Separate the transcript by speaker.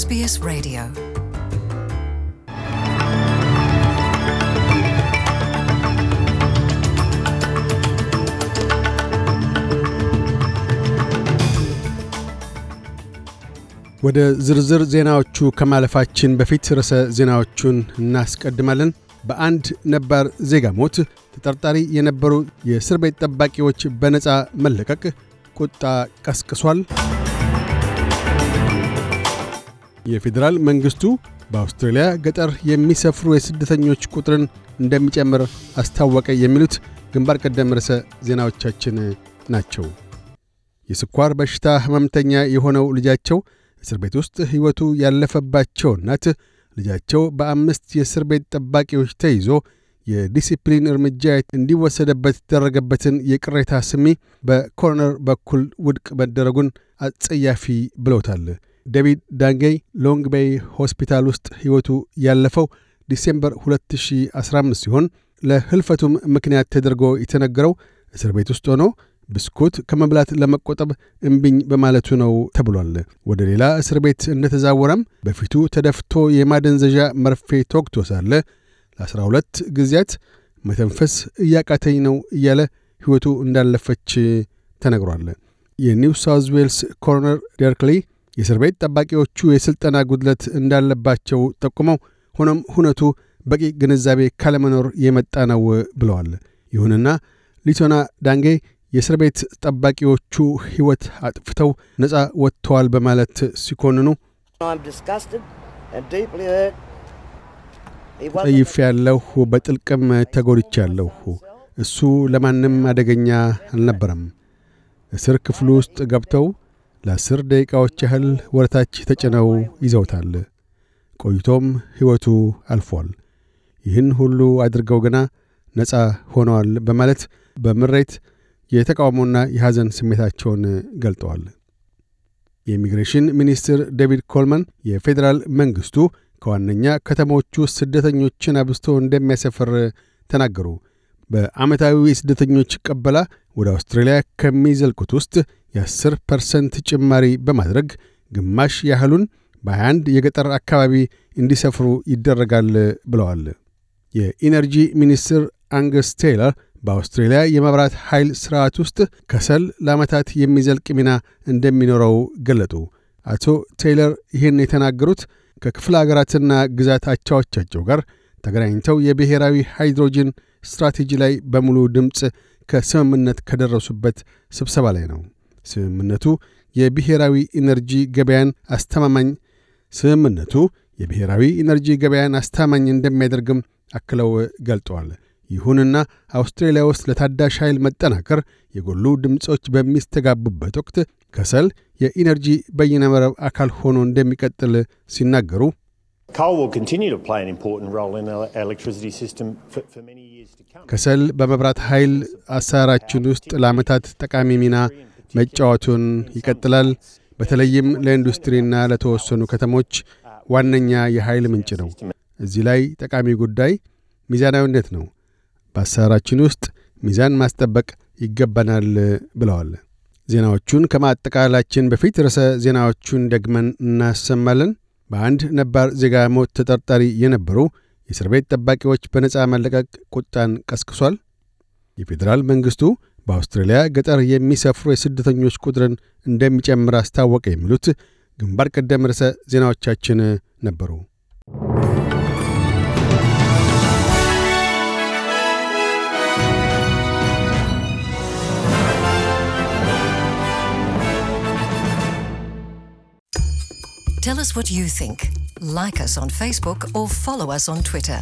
Speaker 1: SBS ሬዲዮ ወደ ዝርዝር ዜናዎቹ ከማለፋችን በፊት ርዕሰ ዜናዎቹን እናስቀድማለን። በአንድ ነባር ዜጋ ሞት ተጠርጣሪ የነበሩ የእስር ቤት ጠባቂዎች በነፃ መለቀቅ ቁጣ ቀስቅሷል። የፌዴራል መንግሥቱ በአውስትራሊያ ገጠር የሚሰፍሩ የስደተኞች ቁጥርን እንደሚጨምር አስታወቀ። የሚሉት ግንባር ቀደም ርዕሰ ዜናዎቻችን ናቸው። የስኳር በሽታ ሕመምተኛ የሆነው ልጃቸው እስር ቤት ውስጥ ሕይወቱ ያለፈባቸው እናት ልጃቸው በአምስት የእስር ቤት ጠባቂዎች ተይዞ የዲሲፕሊን እርምጃ እንዲወሰደበት የተደረገበትን የቅሬታ ስሚ በኮርነር በኩል ውድቅ መደረጉን አጸያፊ ብለውታል። ዴቪድ ዳንጌይ ሎንግ ቤይ ሆስፒታል ውስጥ ሕይወቱ ያለፈው ዲሴምበር 2015 ሲሆን ለህልፈቱም ምክንያት ተደርጎ የተነገረው እስር ቤት ውስጥ ሆኖ ብስኩት ከመብላት ለመቆጠብ እምቢኝ በማለቱ ነው ተብሏል። ወደ ሌላ እስር ቤት እንደተዛወረም በፊቱ ተደፍቶ የማደንዘዣ መርፌ ተወግቶ ሳለ ለ12 ጊዜያት መተንፈስ እያቃተኝ ነው እያለ ሕይወቱ እንዳለፈች ተነግሯል። የኒው ሳውዝ ዌልስ ኮሮነር ደርክሊ የእስር ቤት ጠባቂዎቹ የሥልጠና ጉድለት እንዳለባቸው ጠቁመው ሆኖም ሁነቱ በቂ ግንዛቤ ካለመኖር የመጣ ነው ብለዋል። ይሁንና ሊቶና ዳንጌ የእስር ቤት ጠባቂዎቹ ሕይወት አጥፍተው ነፃ ወጥተዋል በማለት ሲኮንኑ ጠይፍ ያለሁ በጥልቅም ተጎድቻለሁ። እሱ ለማንም አደገኛ አልነበረም። እስር ክፍሉ ውስጥ ገብተው ለአስር ደቂቃዎች ያህል ወደታች ተጭነው ይዘውታል። ቆይቶም ሕይወቱ አልፏል። ይህን ሁሉ አድርገው ገና ነፃ ሆነዋል በማለት በምሬት የተቃውሞና የሐዘን ስሜታቸውን ገልጠዋል። የኢሚግሬሽን ሚኒስትር ዴቪድ ኮልመን የፌዴራል መንግሥቱ ከዋነኛ ከተሞቹ ስደተኞችን አብዝቶ እንደሚያሰፍር ተናገሩ። በዓመታዊ የስደተኞች ቀበላ ወደ አውስትራሊያ ከሚዘልቁት ውስጥ የ10 ፐርሰንት ጭማሪ በማድረግ ግማሽ ያህሉን በ21 የገጠር አካባቢ እንዲሰፍሩ ይደረጋል ብለዋል። የኢነርጂ ሚኒስትር አንገስ ቴይለር በአውስትሬልያ የመብራት ኃይል ሥርዓት ውስጥ ከሰል ለዓመታት የሚዘልቅ ሚና እንደሚኖረው ገለጡ። አቶ ቴይለር ይህን የተናገሩት ከክፍለ አገራትና ግዛት አቻዎቻቸው ጋር ተገናኝተው የብሔራዊ ሃይድሮጅን ስትራቴጂ ላይ በሙሉ ድምፅ ከስምምነት ከደረሱበት ስብሰባ ላይ ነው። ስምምነቱ የብሔራዊ ኢነርጂ ገበያን አስተማማኝ ስምምነቱ የብሔራዊ ኢነርጂ ገበያን አስተማማኝ እንደሚያደርግም አክለው ገልጠዋል። ይሁንና አውስትራሊያ ውስጥ ለታዳሽ ኃይል መጠናከር የጎሉ ድምፆች በሚስተጋቡበት ወቅት ከሰል የኢነርጂ በይነመረብ አካል ሆኖ እንደሚቀጥል ሲናገሩ ከሰል በመብራት ኃይል አሰራራችን ውስጥ ለዓመታት ጠቃሚ ሚና መጫወቱን ይቀጥላል። በተለይም ለኢንዱስትሪና ለተወሰኑ ከተሞች ዋነኛ የኃይል ምንጭ ነው። እዚህ ላይ ጠቃሚ ጉዳይ ሚዛናዊነት ነው። በአሰራራችን ውስጥ ሚዛን ማስጠበቅ ይገባናል ብለዋል። ዜናዎቹን ከማጠቃላችን በፊት ርዕሰ ዜናዎቹን ደግመን እናሰማለን። በአንድ ነባር ዜጋ ሞት ተጠርጣሪ የነበሩ የእስር ቤት ጠባቂዎች በነፃ መለቀቅ ቁጣን ቀስቅሷል። የፌዴራል መንግሥቱ በአውስትራሊያ ገጠር የሚሰፍሩ የስደተኞች ቁጥርን እንደሚጨምር አስታወቀ። የሚሉት ግንባር ቀደም ርዕሰ ዜናዎቻችን ነበሩ። Tell us what you think. Like us on Facebook or follow us on Twitter.